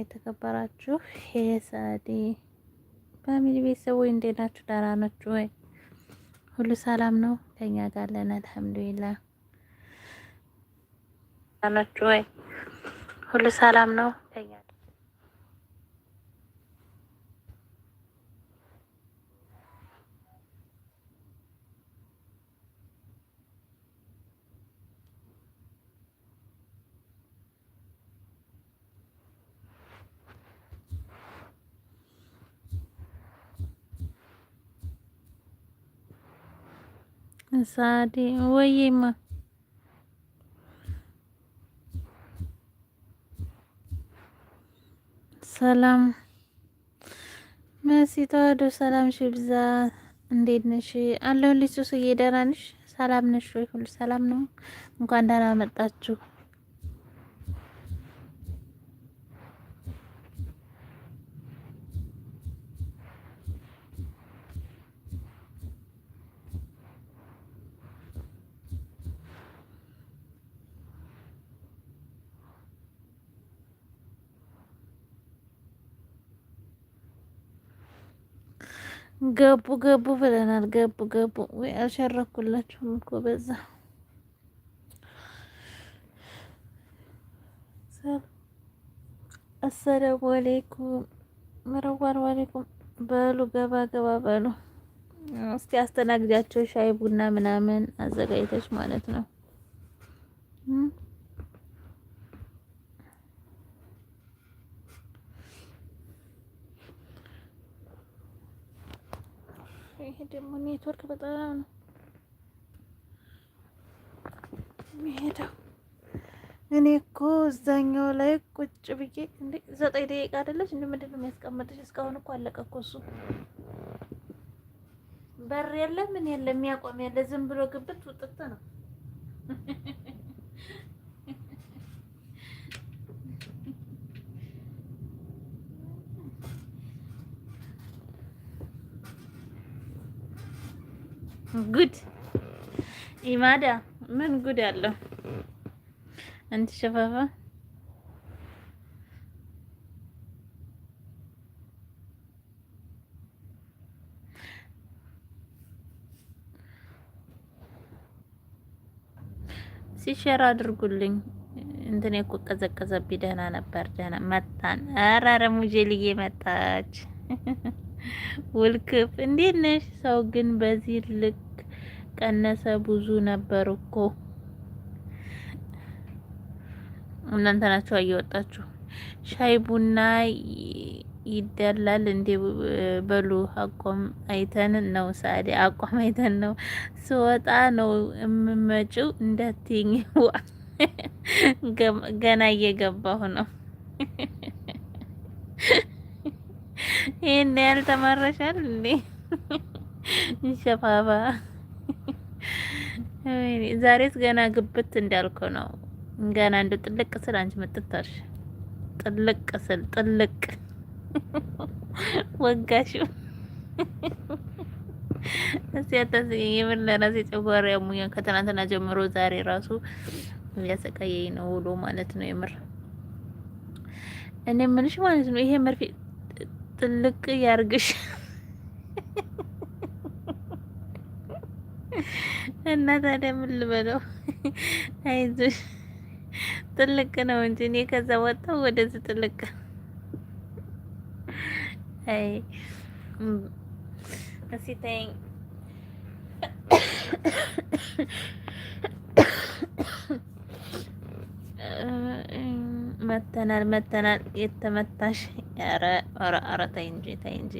የተከበራችሁ የሳዲ ፋሚሊ ቤተሰቦች እንዴት ናችሁ? ደህና ናችሁ ወይ? ሁሉ ሰላም ነው? ከኛ ጋር አለን አልሐምዱሊላህ። ናችሁ ወይ? ሁሉ ሰላም ነው? ከኛ ሳዴ ወይማ ሰላም መሲ ተዋህዶ ሰላም ሽ ብዛ። እንዴት ነሽ? አለሁልሽ። ሱስዬ ደህና ነሽ? ሰላም ነሽ ወይ? ሁሉ ሰላም ነው? እንኳን ደህና መጣችሁ። ገቡ ገቡ ብለናል። ገቡ ገቡ ወይ አልሸረኩላችሁም እኮ በዛ አሰላሙ አሌይኩም መረዋን አሌይኩም በሉ ገባ ገባ በሉ። እስቲ አስተናግዳቸው ሻይ ቡና ምናምን አዘጋጅተች ማለት ነው። ደግሞ ኔትወርክ በጣም ነው የሚሄደው። እኔ እኮ እዛኛው ላይ ቁጭ ብዬ እንዴ ዘጠኝ ደቂቃ አይደለች እንደ ምንድን ነው የሚያስቀምጥሽ? እስካሁን እኮ አለቀ እኮ እሱ። በር የለ ምን የለ የሚያቆም የለ ዝም ብሎ ግብት ውጥት ነው። ጉድ ኢማዳ ምን ጉድ አለው አንተ ሸፋፋ ሲሸር አድርጉልኝ። እንትን እኮ ቀዘቀዘብኝ። ደህና ነበር። ደህና መጣን። ኧረ ኧረ ሙጀልዬ መጣች። ውልክፍ እንዴት ነሽ? ሰው ግን በዚህ ልክ ቀነሰ። ብዙ ነበር እኮ እናንተ ናችሁ እየወጣችሁ ሻይ ቡና ይደላል እንዴ? በሉ አቋም አይተን ነው ሳዲ አቋም አይተን ነው ስወጣ ነው የምመጪው እንዳትይኝ። ገና እየገባሁ ነው ይህን ያህል ተማረሻል እንዴ? ሸፋባ ዛሬስ ገና ግብት እንዳልኩ ነው። ገና እንደ ጥልቅ ስል አንቺ መጥታሽ ጥልቅ ስል ጥልቅ ወጋሽ። እስቲ የምን ለራሴ ጨጓራ ያሙኛል ከትናንትና ጀምሮ ዛሬ ራሱ እያሰቃየኝ ነው ውሎ ማለት ነው። የምር እኔ የምልሽ ማለት ነው ይሄ መርፌ ጥልቅ ያርግሽ እና ታዲያ ምን ልበለው? አይዞሽ ጥልቅ ነው እንጂ እኔ ከዛ ወጣው ወደዚህ ጥልቅ። አይ እስኪ ተይኝ መተናል መተናል የተመታሽ ኧረ ኧረ ተይ እንጂ ተይ እንጂ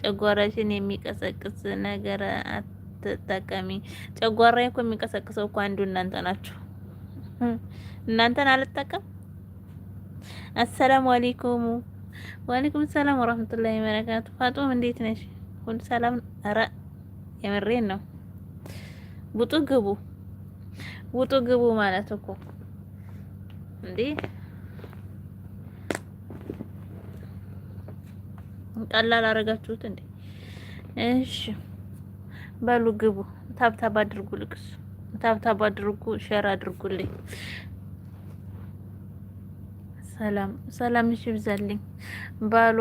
ጨጓራሽን የሚቀሰቅስ ነገር አትጠቀሚ ጨጓራዬ እኮ የሚቀሰቅሰው እኮ አንዱ እናንተ ናችሁ እናንተን አልጠቀም አሰላሙ አለይኩም ወአለይኩም ሰላም ወራህመቱላሂ ወበረካቱ ፋጡም እንዴት ነሽ ሁሉ ሰላም ኧረ የምሬን ነው ውጡ ግቡ ውጡ ግቡ ማለት እኮ እንዴ ቀላል አረጋችሁት እንዴ? እሺ በሉ ግቡ። ታብታብ አድርጉ፣ ልቅሱ። ታብታብ አድርጉ፣ ሼር አድርጉልኝ። ሰላም ሰላም እሺ ይብዛልኝ። ባሏ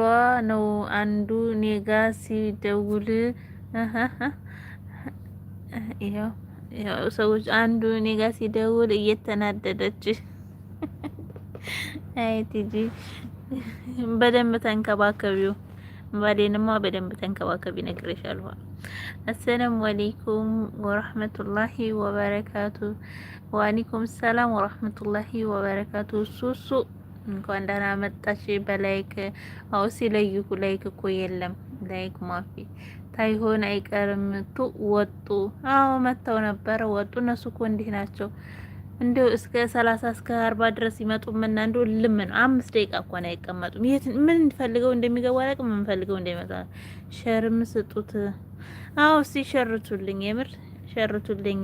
ነው አንዱ ኔጋ ሲደውል ሰዎች አንዱ ኔጋ ሲደውል እየተናደደች አይ ቲጂ በደንብ ተንከባከቢው። ባሌንማ በደንብ ተንከባከቢ ነግሬሻለሁ። አሰላሙ አለይኩም ወራህመቱላሂ ወበረካቱ። ወአለይኩም ሰላም ወራህመቱላሂ ወበረካቱ። ሱሱ እንኳን ደህና መጣሽ። በላይክ አውሲ ለይኩ ላይክ እኮ የለም ላይክ ማፊ ታይሆን አይቀርም። ቱ ወጡ አዎ መተው ነበረ ወጡ። እነሱ እኮ እንዲህ ናቸው። እንደው እስከ 30 እስከ 40 ድረስ ይመጡምና እንደው ልም ነው። አምስት ደቂቃ እንኳን አይቀመጡም። የት ምን እንፈልገው እንደሚገቡ አላውቅም። ምን እንፈልገው እንደሚመጣ ሸርም ስጡት። አዎ እስቲ ሸርቱልኝ፣ የምር ሸርቱልኝ።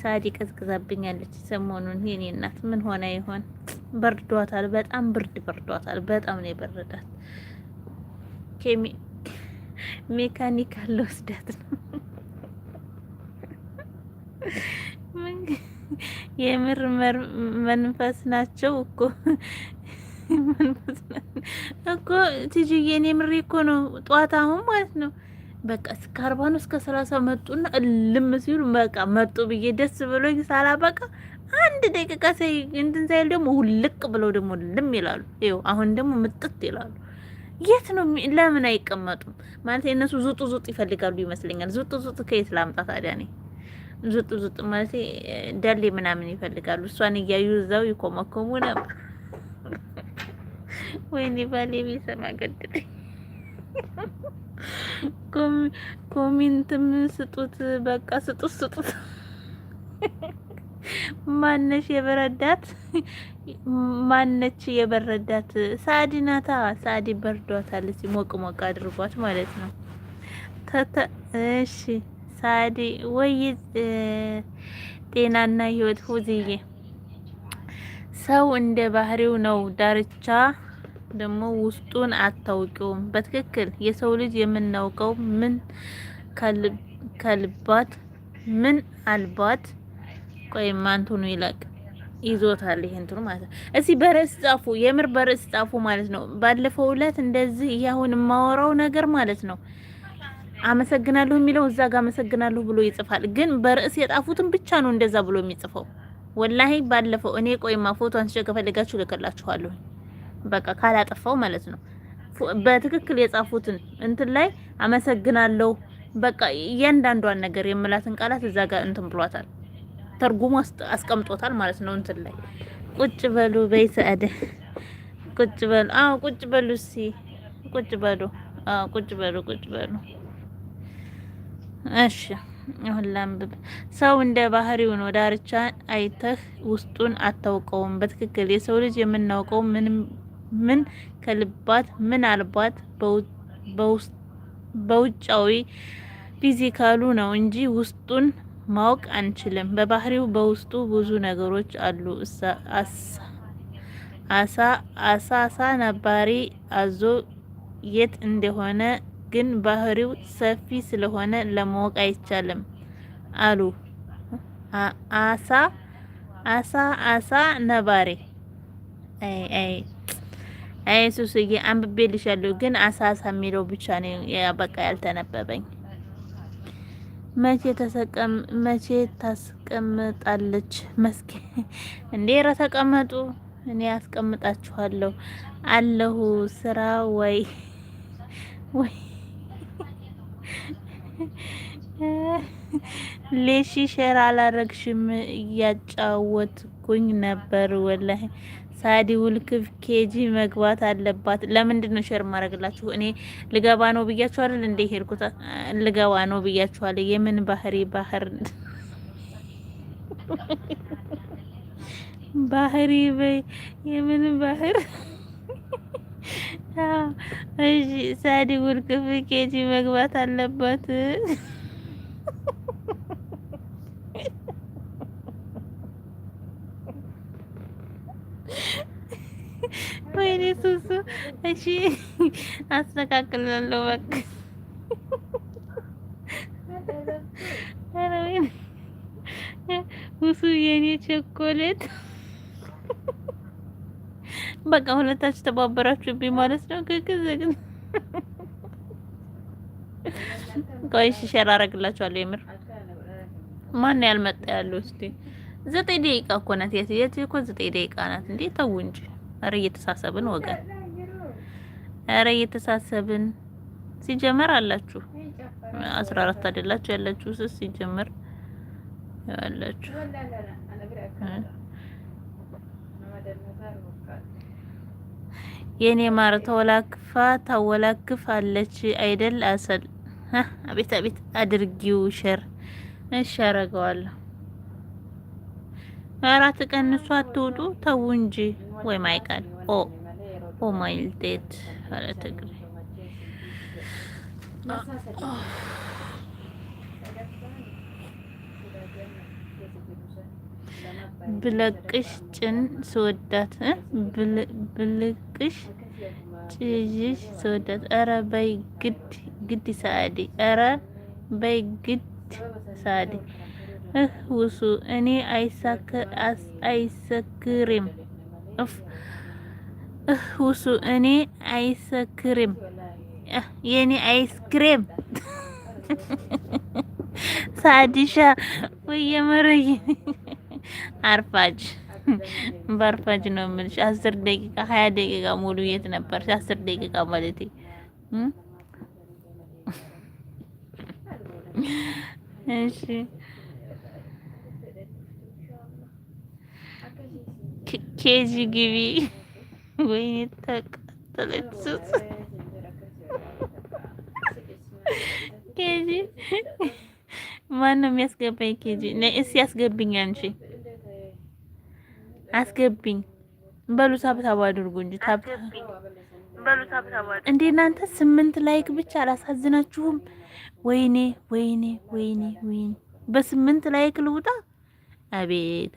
ሳዲ ቀዝቅዛብኛለች ሰሞኑን። የኔ እናት ምን ሆነ ይሆን? በርዷታል። በጣም ብርድ በርዷታል። በጣም ነው የበረዳት። ኬሚ ሜካኒካል ለወስዳት ነው የምር መንፈስ ናቸው እኮ እኮ ትጅዬ፣ እኔ ምሬ እኮ ነው። ጧት አሁን ማለት ነው በቃ እስከ አርባ ነው እስከ ሰላሳ መጡና እልም ሲሉ በቃ መጡ ብዬ ደስ ብሎኝ ሳላበቃ በቃ አንድ ደቂቃ ሳይ እንትን ሳይል ደግሞ ሁልቅ ብለው ደግሞ ልም ይላሉ። ይኸው አሁን ደግሞ ምጥት ይላሉ። የት ነው ለምን አይቀመጡም? ማለት የእነሱ ዙጡ ዙጥ ይፈልጋሉ ይመስለኛል። ዙጡ ዙጥ ከየት ላምጣ ታዲያ እኔ ዙጥ ዙጥ ማለት ደሌ ምናምን ይፈልጋሉ። እሷን እያዩ እዛው ይኮመኮሙ ነበር። ወይኔ ባሌ ቢሰማ ገድል ኮሚንትም ስጡት፣ በቃ ስጡት፣ ስጡት። ማነሽ የበረዳት ማነች የበረዳት? ሳዲ ናታ። ሳዲ በርዷታል። ሞቅ ሞቅ አድርጓት ማለት ነው። እሺ ሳዲ ወይ ጤናና ህይወት ሁዝዬ ሰው እንደ ባህሪው ነው። ዳርቻ ደግሞ ውስጡን አታውቂውም። በትክክል የሰው ልጅ የምናውቀው ምን ከልባት ምን አልባት ቆይ ማንቱኑ ይላቅ ይዞታል ይሄ እንትኑ ማለት ነው። እዚህ በርዕስ ጻፉ፣ የምር በርዕስ ጻፉ ማለት ነው። ባለፈው ዕለት እንደዚህ ይሄ አሁን የማወራው ነገር ማለት ነው አመሰግናለሁ የሚለው እዛ ጋር አመሰግናለሁ ብሎ ይጽፋል። ግን በርዕስ የጣፉትን ብቻ ነው እንደዛ ብሎ የሚጽፈው። ወላሂ ባለፈው እኔ ቆይማ ፎቶ አንስቼ ከፈለጋችሁ ልከላችኋለሁ። በቃ ካላጠፋው ማለት ነው። በትክክል የጻፉትን እንትን ላይ አመሰግናለሁ። በቃ እያንዳንዷን ነገር የምላትን ቃላት እዛ ጋር እንትን ብሏታል፣ ተርጉሞ አስቀምጦታል ማለት ነው። እንትን ላይ ቁጭ በሉ በይ ሰአደ ቁጭ በሉ። አዎ ቁጭ በሉ። እስኪ ቁጭ በሉ። አዎ ቁጭ በሉ። ቁጭ በሉ እሺ አሁን ላንብብ። ሰው እንደ ባህሪው ነው። ዳርቻ አይተህ ውስጡን አታውቀውም። በትክክል የሰው ልጅ የምናውቀው ምን ከልባት ምን አልባት በውጫዊ ፊዚካሉ ነው እንጂ ውስጡን ማወቅ አንችልም። በባህሪው በውስጡ ብዙ ነገሮች አሉ። አሳ አሳ ነባሪ አዞ የት እንደሆነ ግን ባህሪው ሰፊ ስለሆነ ለማወቅ አይቻልም አሉ። አሳ አሳ አሳ ነባሪ አይ ሱስዬ አንብቤልሻለሁ፣ ግን አሳ አሳ የሚለው ብቻ ነው በቃ ያልተነበበኝ። መቼ ተሰቀም መቼ ታስቀምጣለች መስኪ እንዴ? ኧረ ተቀመጡ፣ እኔ ያስቀምጣችኋለሁ አለሁ ስራ ወይ ወይ ሌሺ ሸር አላረግሽም እያጫወትኩኝ ነበር። ወላሂ ሳዲ ውልክፍ ኬጂ መግባት አለባት። ለምንድን ነው ሸር ማድረግላችሁ? እኔ ልገባ ነው ብያችሁ አይደል እንደ ሄድኩት ልገባ ነው አለ። የምን ባህሪ ባህር ባህሪ በይ የምን ባህር እሺ ሳዲ ውልቅ ፍኬጂ መግባት አለበት ወይኔ ሱሱ እሺ አስተካክላለሁ። በቃ ኧረ የኔ ቸኮሌት በቃ ሁለታችሁ ተባበራችሁብኝ ማለት ነው። ግግዝ ግን ቆይ ሸር አደርግላችኋለሁ። የምር ማን ያልመጣ ያለው እስቲ ዘጠኝ ደቂቃ እኮ ናት። የት የት እኮ ዘጠኝ ደቂቃ ናት እንዴ! ተው እንጂ። ኧረ እየተሳሰብን ወገን፣ ኧረ እየተሳሰብን ሲጀመር አላችሁ አስራ አራት አይደላችሁ ያላችሁ ስስ ሲጀመር ያላችሁ የኔ ማር ተወላክፋ ታወላክፍ አይደል? አሰል አቤት አቤት አድርጊው ሸር እሺ፣ አረገዋለሁ። አራት ቀንሷ አትውጡ ተው እንጂ ወይ ማይቃል ኦ ኦ ማይልቴት አለ ትግሬ ብለቅሽ ጭን ስወዳት ብልቅሽ ጭዥሽ ስወዳት ኧረ በይ ግድ ግድ ሳዲ ኧረ በይ ግድ ሳዲ እህ ውሱ እኔ አይሰክሪም እህ ውሱ እኔ አይሰክሪም የኔ አይስክሬም ሳዲሻ ወየመረይ አርፋጅ በአርፋጅ ነው የምልሽ። አስር ደቂቃ ሀያ ደቂቃ ሙሉ የት ነበርሽ? አስር ደቂቃ ማለት እሺ። ኬጂ ግቢ ወይኔ ተቃጠለች። ኬጂ ማን ነው የሚያስገባኝ? ኬጂ እስኪ ያስገብኛል እንጂ አስገብኝ በሉ ታብታብ አድርጉ እንጂ ታብ እንዴ እናንተ ስምንት ላይክ ብቻ አላሳዝናችሁም? ወይኔ ወይኔ ወይኔ ወይኔ በስምንት ላይክ ልውጣ። አቤት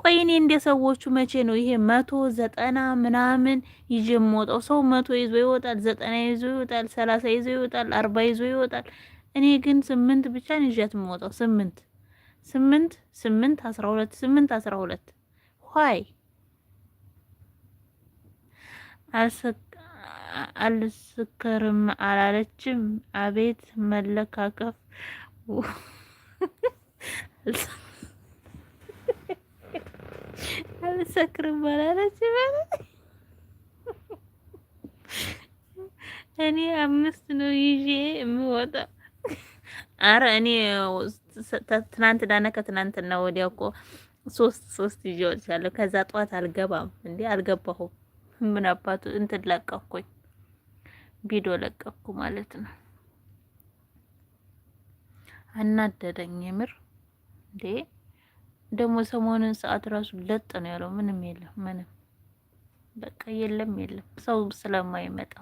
ቆይ እኔ እንደ ሰዎቹ መቼ ነው ይሄ መቶ ዘጠና ምናምን ይዤ የምወጣው? ሰው መቶ ይዞ ይወጣል፣ ዘጠና ይዞ ይወጣል፣ ሰላሳ ይዞ ይወጣል፣ አርባ ይዞ ይወጣል። እኔ ግን ስምንት ብቻ ነው ይዣት የምወጣው። ስምንት ስምንት ስምንት አስራ ሁለት ስምንት አስራ ሁለት ኳይ አልስክርም አላለችም። አቤት መለካከፍ! አልሰክርም አላለችም። እኔ አምስት ነው ይዤ የምወጣ። አረ እኔ ትናንትና ከትናንትና ወዲያ እኮ ሶስት ሶስት ይዤ ወጥቻለሁ። ከዛ ጠዋት አልገባም እንዴ አልገባሁም። ምን አባቱ እንትን ለቀኩኝ፣ ቪዲዮ ለቀኩ ማለት ነው። አናደደኝ የምር እንዴ። ደግሞ ሰሞኑን ሰዓት ራሱ ለጥ ነው ያለው። ምንም የለም ምንም በቃ የለም የለም። ሰው ስለማይመጣ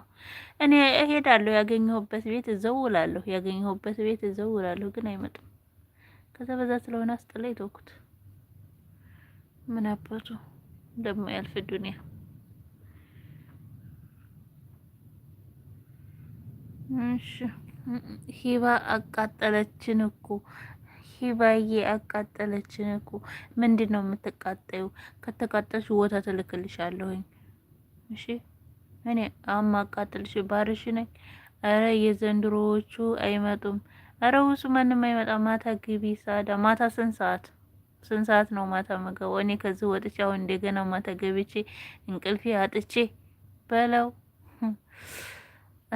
እኔ እሄዳለሁ፣ ያገኘሁበት ቤት እዘውላለሁ፣ ያገኘሁበት ቤት እዘውላለሁ፣ ግን አይመጡም። ከዛ በዛ ስለሆነ አስጥላ ተውኩት። ምን አባቱ ደግሞ ያልፍ ዱንያ እሺ ሂባ አቃጠለችን እኮ ሂባዬ አቃጠለችን እኮ ምንድን ነው የምትቃጠዩ ከተቃጠልሽ ቦታ ትልክልሻለሁኝ እሺ እኔ አቃጠልሽ ባርሽ ነኝ አረ የዘንድሮዎቹ አይመጡም አረ ውሱ ማንም አይመጣም ማታ ግቢ ሳዳ ማታ ስንት ሰዓት ስንት ሰዓት ነው ማታ መገባው? እኔ ከዚህ ወጥቼ አሁን እንደገና ማታ ገብቼ እንቅልፌ አጥቼ በለው።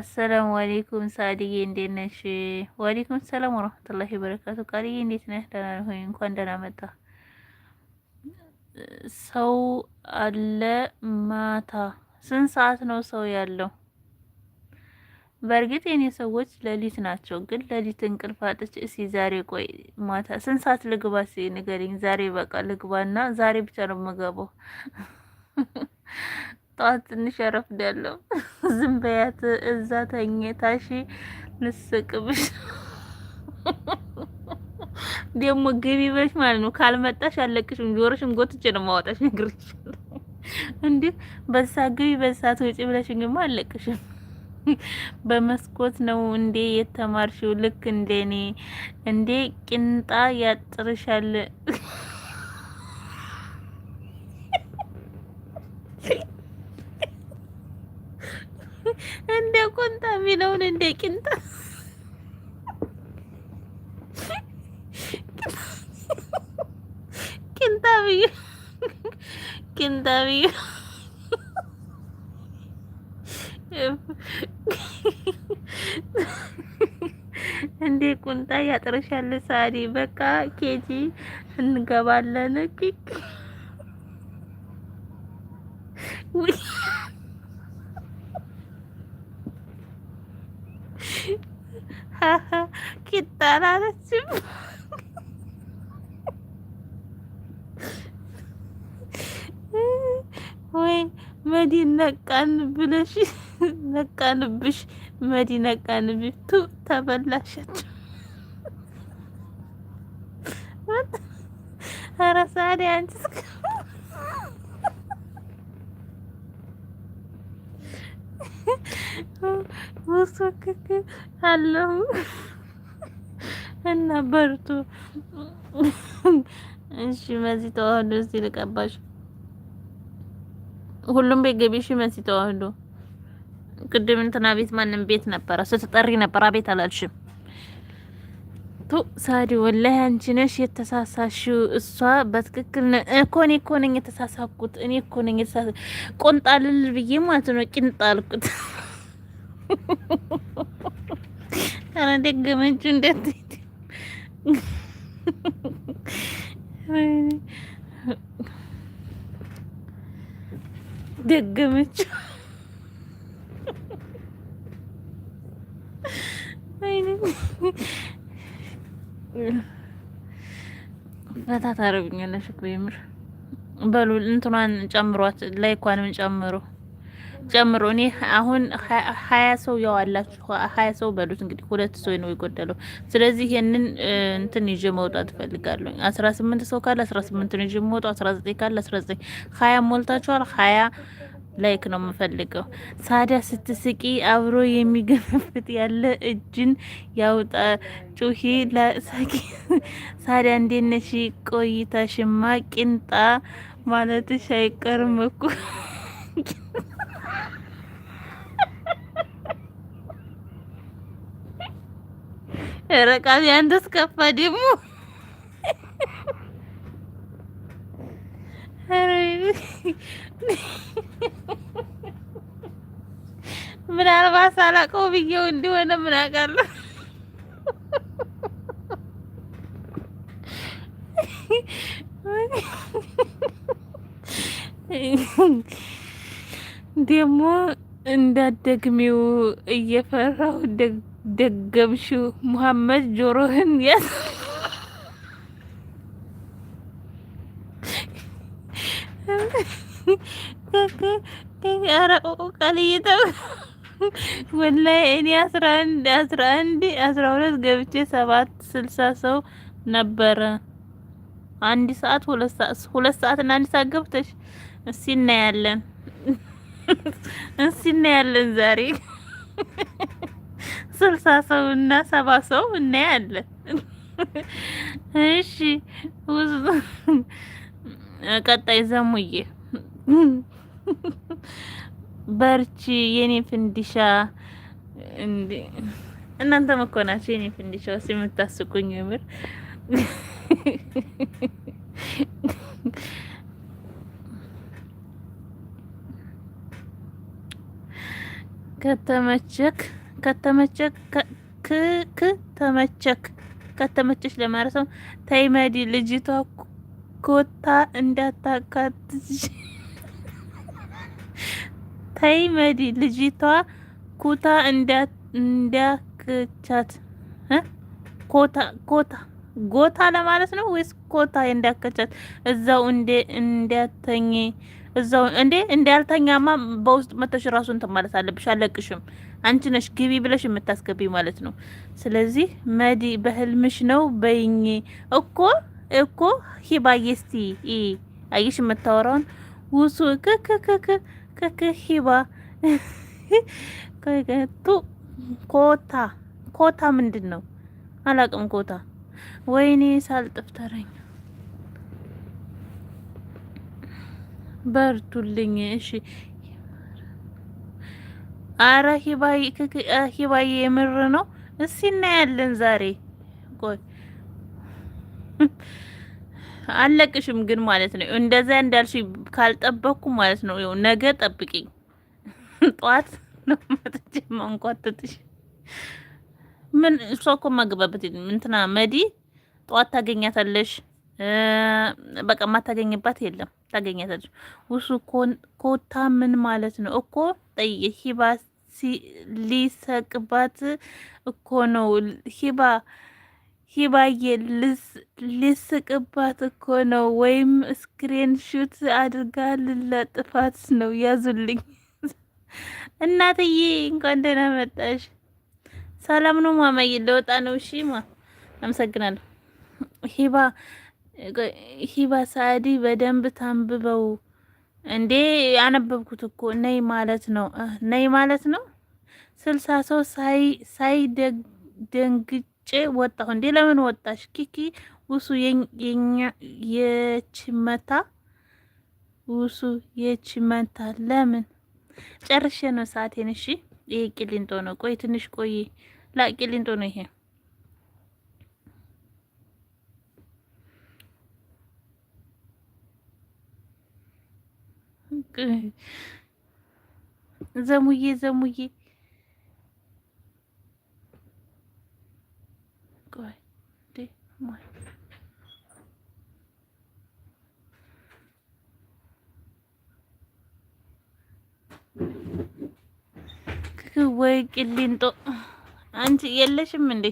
አሰላሙ አሌይኩም ሳድዬ እንዴት ነሽ? ወአሌይኩም ሰላም ወረህመቱላሂ በረካቱ። ቃልዬ እንዴት ነህ? ደህና ሆይ እንኳን ደህና መጣ። ሰው አለ ማታ ስንት ሰዓት ነው ሰው ያለው? በእርግጥ የኔ ሰዎች ሌሊት ናቸው፣ ግን ሌሊት እንቅልፍ አጥቼ እስኪ ዛሬ ቆይ ማታ ስንት ሰዓት ልግባ ሲ ንገሪኝ። ዛሬ በቃ ልግባ ልግባና ዛሬ ብቻ ነው የምገባው። ጠዋት ትንሽ አረፍዳለሁ። ዝም በያት እዛ ተኝታሽ ልስቅብሽ። ደግሞ ግቢ በሽ ማለት ነው። ካልመጣሽ አለቅሽም፣ ጆሮሽን ጎትቼ ነው የማወጣሽ። ነግሬሻለሁ እንዴ! በዛ ግቢ በዛ ትውጪ ብለሽኝማ አለቅሽም በመስኮት ነው እንዴ የተማርሽው? ልክ እንደ እኔ እንዴ ቂንጣ ያጥርሻል። እንደ ቁንጣ የሚለውን እንደ ቂንጣ ቂንጣ ቢ ቂንጣ ቢ እንዴ ቁንጣ ያጥርሻል። ሳሪ በቃ ኬጂ እንገባለን። ቂጣ አላለችም። ወይ መዲነቃን ብለሽ ነቃንብሽ መዲ ነቃንብሽ ቱ ተበላሸች። ኧረ ሳዲያ አንቺስ ወሶክክ አለሁ እና በርቱ። እሺ መዚ ተዋህዶ እስቲ ልቀባሽ። ሁሉም ቤት ገቢ። እሺ መሲ ተዋህዶ ቅድም እንትና ቤት ማንም ቤት ነበረ ስትጠሪ ነበር። አቤት አላልሽም። ቱ ሳዲ ወላሂ አንቺ ነሽ የተሳሳሽው። እሷ በትክክል እኮ እኔ እኮ ነኝ የተሳሳኩት። እኔ እኮ ነኝ የተሳሳ ቆንጣልል ብዬ ማለት ነው ቂንጣልኩት። ኧረ ደገመችው እንደት ደገመችው ፈታ ታደርጉኛለሽ እኮ የምር በሉ እንትኗን ጨምሯት ላይኳንም ጨምሮ ጨምሮ እኔ አሁን ሀያ ሰው ያው አላችሁ ሀያ ሰው በሉት እንግዲህ ሁለት ሰው ነው የጎደለው። ስለዚህ ይህንን እንትን ይዤ መውጣት እፈልጋለሁ። አስራ ስምንት ሰው ካለ አስራ ስምንት ነው ይዤ መውጣው። አስራ ዘጠኝ ካለ አስራ ዘጠኝ ሀያ ሞልታችኋል ሀያ ላይክ ነው የምፈልገው። ሳዳ ስትስቂ አብሮ የሚገነፍት ያለ እጅን ያውጣ። ጩሂ ለሳቂ ሳዳ እንዴት ነሽ? ሽማ ቂንጣ ማለትሽ አይቀርም እኮ ረቃቢ አንድ እስከፋ ደግሞ ምናልባት ሳላውቀው ብዬው እንዲሆነ ምን አውቃለሁ። ደግሞ እንዳትደግሚው እየፈራሁ ደገምሽው። ሙሐመድ ጆሮህን ያዝ ያረቆቁ ቃል እየጠ ወላይ እኔ አስራ አንድ አስራ አንድ አስራ ሁለት ገብቼ ሰባት ስልሳ ሰው ነበረ። አንድ ሰዓት ሁለት ሰዓት ሁለት ሰዓት እና አንድ ሰዓት ገብተሽ እስቲ እናያለን እስቲ እናያለን ዛሬ ስልሳ ሰው እና ሰባ ሰው እናያለን። እሺ ቀጣይ ዘሙዬ በርቺ የኔ ፍንዲሻ። እናንተ መኮናችሁ የኔ ፍንዲሻ ስ የምታስቁኝ ምር ከተመቸክ ከተመቸክ ክ ተመቸክ ከተመቸሽ ለማለት ነው። ተይመዲ ልጅቷ ኮታ እንዳታካትሽ ተይ መዲ ልጅቷ ኩታ እንዳክቻት ኮታ ኮታ ጎታ ለማለት ነው ወይስ ኮታ እንዳከቻት እዛው እንደ እንዳተኝ እዛው እንዴ እንዳልተኛማ በውስጥ መተሽ ራሱን ማለት አለብሽ። አለቅሽም አንቺ ነሽ ግቢ ብለሽ የምታስገቢ ማለት ነው። ስለዚህ መዲ በህልምሽ ነው በይኝ እኮ እኮ ሂባዬ እስቲ አየሽ የምታወራውን ውሱ ክክክክ ክክሂባ ቱ ኮታ ኮታ ምንድን ነው አላቅም። ኮታ ወይኔ ሳልጥፍ ተረኝ። በርቱልኝ። እሺ አረ ሂባዬ የምር ነው። እስኪ እናያለን ዛሬ ቆይ አለቅሽም ግን ማለት ነው። እንደዛ እንዳልሽ ካልጠበቅኩ ማለት ነው። ነገ ጠብቂኝ። ጠዋት ነው መጥቼ ማንኳትትሽ። ምን እሷ እኮ ማገባበት እንትና መዲ ጠዋት ታገኛታለሽ። በቃ ማታገኝባት የለም ታገኛታለሽ። ውሱ ኮታ ምን ማለት ነው እኮ ጠይ ሂባ ሊሰቅባት እኮ ነው ሂባ ሂባዬ ልስቅባት እኮ ነው፣ ወይም ስክሪን ሹት አድርጋ ልለጥፋት ነው። ያዙልኝ። እናትዬ እንኳን ደህና መጣሽ። ሰላም ነው ማማዬ? ለወጣ ነው። እሺ ማ አመሰግናለሁ። ሂባ ሂባ ሳዲ በደንብ ታንብበው እንዴ። አነበብኩት እኮ ነይ ማለት ነው ነይ ማለት ነው ስልሳ ሰው ሳይ ሳይ ደንግጭ ወጣሁ እንዴ? ለምን ወጣሽ? ኪኪ ውሱ የችመታ ውሱ የችመታ ለምን ጨርሼ ነው ሰዓቴን። እሺ ይሄ ቂሊንጦ ነው። ቆይ ትንሽ ቆይ። ላ ቂሊንጦ ነው ይሄ ዘሙዬ ዘሙዬ ወይ ቅሊንጦ አንቺ የለሽም እንዴ?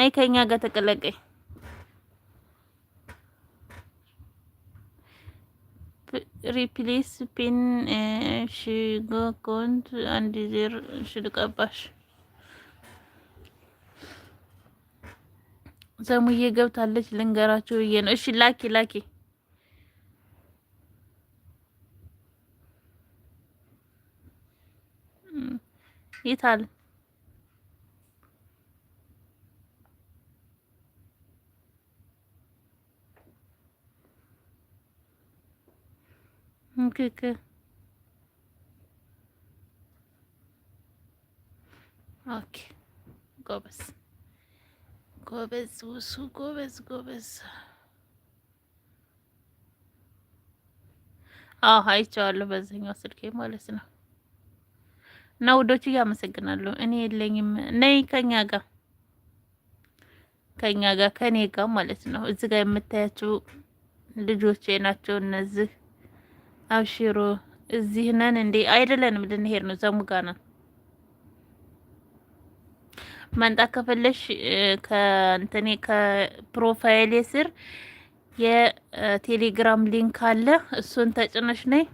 ነይ ከኛ ጋር ተቀላቀይ። ሪፕሊስ ፒን ሽጎ ኮንት አንድ ዜር ሽልቀባሽ ሰሙዬ ገብታለች ልንገራቸው ብዬ ነው። እሺ ላኪ ላኪ ይታል ምክክ ኦኬ ጎበስ ጎበዝ ውሱ ጎበዝ ጎበዝ። አዎ አይቼዋለሁ፣ በዚህኛው ስልኬ ማለት ነው። እና ውዶቹ እያመሰግናለሁ። እኔ የለኝም፣ ነይ ከኛ ጋር ከኛ ጋር ከኔ ጋር ማለት ነው። እዚህ ጋር የምታያቸው ልጆቼ ናቸው እነዚህ። አብሽሮ እዚህ ነን እንዴ? አይደለንም፣ ልንሄድ ነው። ዘሙጋ ነን ማንጣት ከፈለሽ ከእንትኔ ከፕሮፋይሌ ስር የቴሌግራም ሊንክ አለ። እሱን ተጭነሽ ነይ፣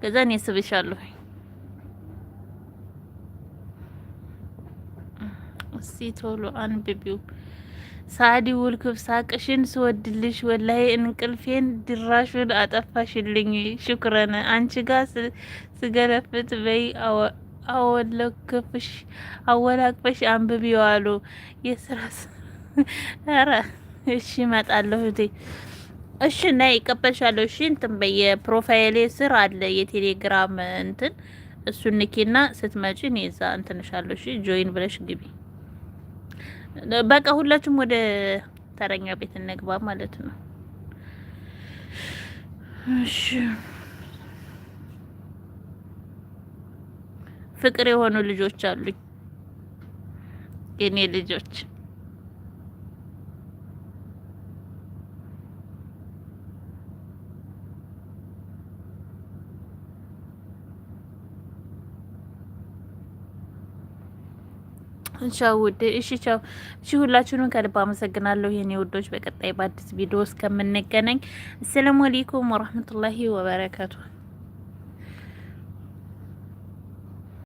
ከዛ እኔ ስብሻለሁ። እስቲ ቶሎ አንብቢው። ሳዲ ውልክብ ሳቅሽን ስወድልሽ ወላይ እንቅልፌን ድራሹን አጠፋሽልኝ። ሽኩረነ አንቺ ጋር ስገለፍት በይ አወለክፍሽ አወላቅፍሽ አንብቢው አሉ። የስራስ ኧረ እሺ እመጣለሁ እቴ እሺ እና ይቀበልሻለሁ። እሺ እንትን በየፕሮፋይሌ ስር አለ የቴሌግራም እንትን እሱን ንኪና ስትመጪ እኔ እዛ እንትንሻለሁ። እሺ ጆይን ብለሽ ግቢ። በቃ ሁላችሁም ወደ ተረኛ ቤት እንግባ ማለት ነው። እሺ ፍቅር የሆኑ ልጆች አሉኝ የኔ ልጆች ቻው ውድ እሺ፣ ቻው እሺ። ሁላችሁንም ከልብ አመሰግናለሁ የኔ ውዶች። በቀጣይ በአዲስ ቪዲዮ እስከምንገናኝ አሰላሙ አለይኩም ወራህመቱላሂ ወበረካቱ።